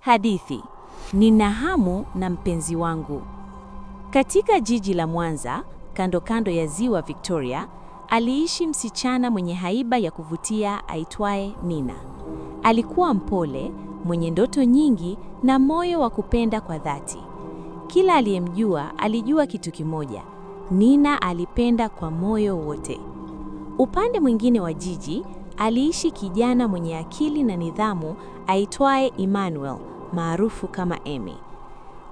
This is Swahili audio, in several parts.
Hadithi: nina hamu na mpenzi wangu. Katika jiji la Mwanza, kando kando ya ziwa Victoria, aliishi msichana mwenye haiba ya kuvutia aitwaye Nina. Alikuwa mpole, mwenye ndoto nyingi na moyo wa kupenda kwa dhati. Kila aliyemjua alijua kitu kimoja: Nina alipenda kwa moyo wote. Upande mwingine wa jiji aliishi kijana mwenye akili na nidhamu aitwaye Emmanuel, maarufu kama Emmy.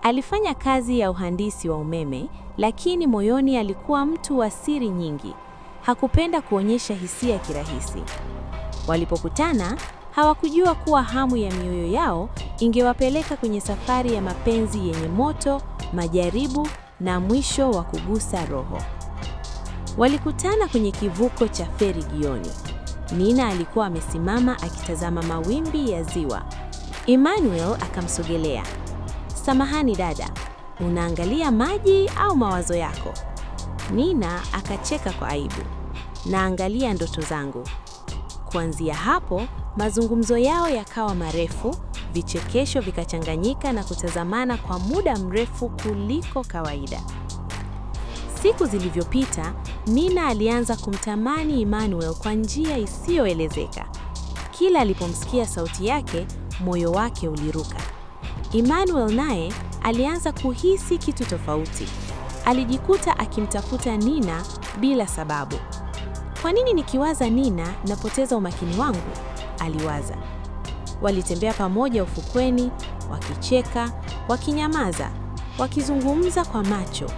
Alifanya kazi ya uhandisi wa umeme, lakini moyoni alikuwa mtu wa siri nyingi. Hakupenda kuonyesha hisia kirahisi. Walipokutana, hawakujua kuwa hamu ya mioyo yao ingewapeleka kwenye safari ya mapenzi yenye moto, majaribu na mwisho wa kugusa roho. Walikutana kwenye kivuko cha feri jioni. Nina alikuwa amesimama akitazama mawimbi ya ziwa. Emmanuel akamsogelea. Samahani dada, unaangalia maji au mawazo yako? Nina akacheka kwa aibu. Naangalia ndoto zangu. Kuanzia hapo, mazungumzo yao yakawa marefu, vichekesho vikachanganyika na kutazamana kwa muda mrefu kuliko kawaida. Siku zilivyopita, Nina alianza kumtamani Emmanuel kwa njia isiyoelezeka. Kila alipomsikia sauti yake, moyo wake uliruka. Emmanuel naye alianza kuhisi kitu tofauti. Alijikuta akimtafuta Nina bila sababu. Kwa nini nikiwaza Nina napoteza umakini wangu? Aliwaza. Walitembea pamoja ufukweni, wakicheka, wakinyamaza, wakizungumza kwa macho.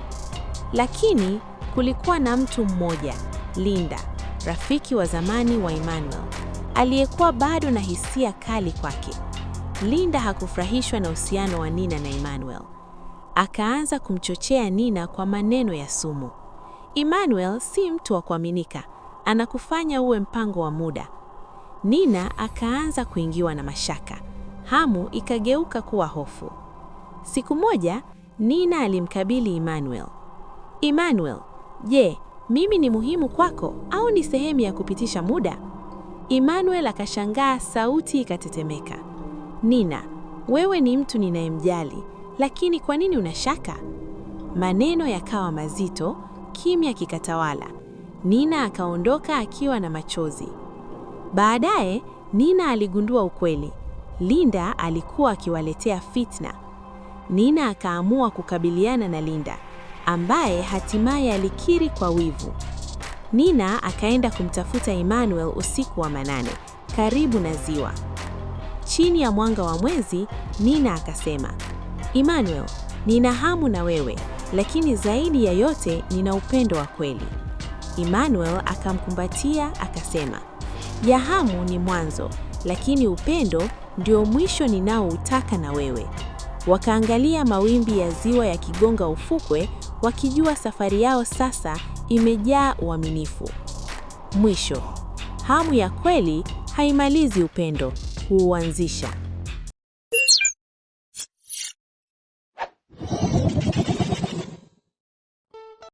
Lakini kulikuwa na mtu mmoja, Linda, rafiki wa zamani wa Emmanuel, aliyekuwa bado na hisia kali kwake. Linda hakufurahishwa na uhusiano wa Nina na Emmanuel. Akaanza kumchochea Nina kwa maneno ya sumu. Emmanuel si mtu wa kuaminika, anakufanya uwe mpango wa muda. Nina akaanza kuingiwa na mashaka, hamu ikageuka kuwa hofu. Siku moja Nina alimkabili Emmanuel Emmanuel, je, mimi ni muhimu kwako au ni sehemu ya kupitisha muda? Emmanuel akashangaa, sauti ikatetemeka. Nina, wewe ni mtu ninayemjali, lakini kwa nini unashaka? Maneno yakawa mazito, kimya kikatawala. Nina akaondoka akiwa na machozi. Baadaye Nina aligundua ukweli. Linda alikuwa akiwaletea fitna. Nina akaamua kukabiliana na Linda ambaye hatimaye alikiri kwa wivu. Nina akaenda kumtafuta Emmanuel usiku wa manane karibu na ziwa. Chini ya mwanga wa mwezi, Nina akasema, Emmanuel, nina hamu na wewe, lakini zaidi ya yote nina upendo wa kweli. Emmanuel akamkumbatia akasema, ya hamu ni mwanzo, lakini upendo ndio mwisho ninaoutaka na wewe. Wakaangalia mawimbi ya ziwa ya kigonga ufukwe, wakijua safari yao sasa imejaa uaminifu. Mwisho, hamu ya kweli haimalizi upendo, huuanzisha.